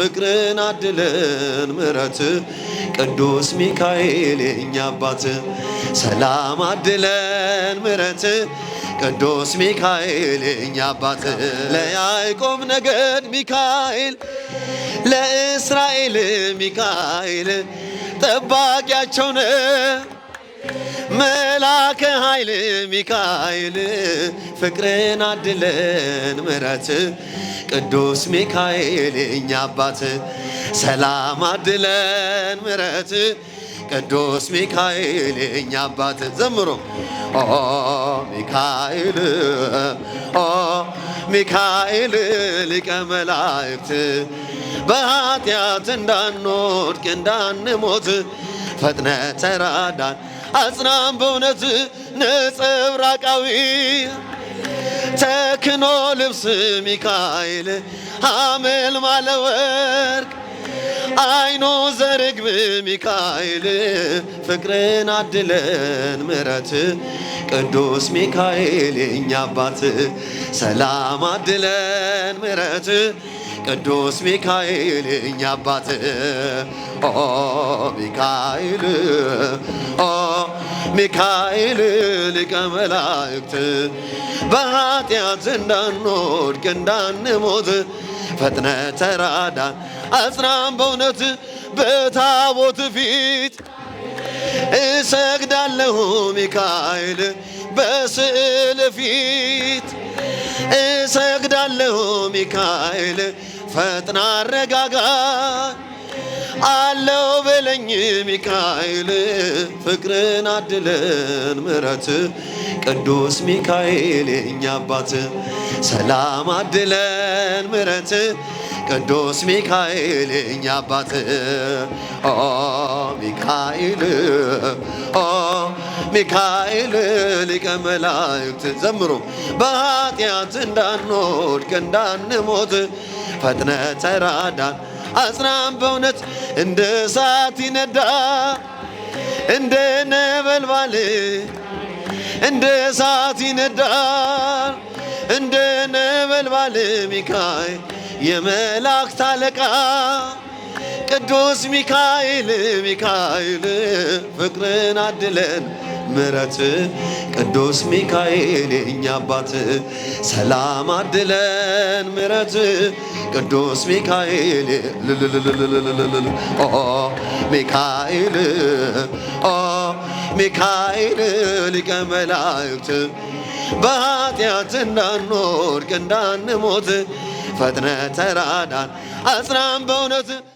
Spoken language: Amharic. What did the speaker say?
ፍቅርን አድለን ምረት ቅዱስ ሚካኤል የኛ አባት ሰላም አድለን ምረት ቅዱስ ሚካኤል የኛ አባት ለያዕቆብ ነገድ ሚካኤል ለእስራኤል ሚካኤል ጠባቂያቸው ነ መላከ ኃይል ሚካኤል ፍቅርን አድለን ምረት ቅዱስ ሚካኤል እኛ አባት ሰላም አድለን ምረት ቅዱስ ሚካኤል እኛ አባት ዘምሮ ሚካኤል ሚካኤል ሊቀ መላእክት በኃጢአት እንዳንወድቅ እንዳንሞት ፈጥነ ተራዳን አጽናም በእውነት ነጸብራቃዊ ተክኖ ልብስ ሚካኤል አመል ማለወርቅ አይኖ ዘርግብ ሚካኤል ፍቅርን አድለን ምረት ቅዱስ ሚካኤል የኛ አባት ሰላም አድለን ምረት ቅዱስ ሚካኤል የኛ አባት ኦ ሚካኤል ኦ ሚካኤል ሊቀ መላእክት በኃጢአት እንዳንወድቅ እንዳንሞት ፈጥነ ተራዳ አጽናም በእውነት በታቦት ፊት እሰግዳለሁ ሚካኤል በስዕል ፊት እሰግዳለሁ ሚካኤል ፈጥና አረጋጋ አለው በለኝ ሚካኤል ፍቅርን አድለን ምረት ቅዱስ ሚካኤል የኛ አባት ሰላም አድለን ምረት ቅዱስ ሚካኤል የኛ አባት ኦ ሚካኤል ኦ ሚካኤል ሊቀ መላእክት ዘምሩ በኃጢአት እንዳንወድቅ እንዳንሞት ፈጥነ ተራዳን አጽናም በእውነት እንደ እሳት ይነዳ እንደ ነበልባል እንደ እሳት ይነዳል እንደ ነበልባል ሚካኤል የመላእክት አለቃ ቅዱስ ሚካኤል ሚካኤል ፍቅርን አድለን ምረት ቅዱስ ሚካኤል የኛ አባት ሰላም አድለን ምረት ቅዱስ ሚካኤል ሚካኤል ሚካኤል ሊቀ መላእክት በኃጢአት እንዳንወድቅ እንዳንሞት ፈጥነ ተራዳን አጽናም በእውነት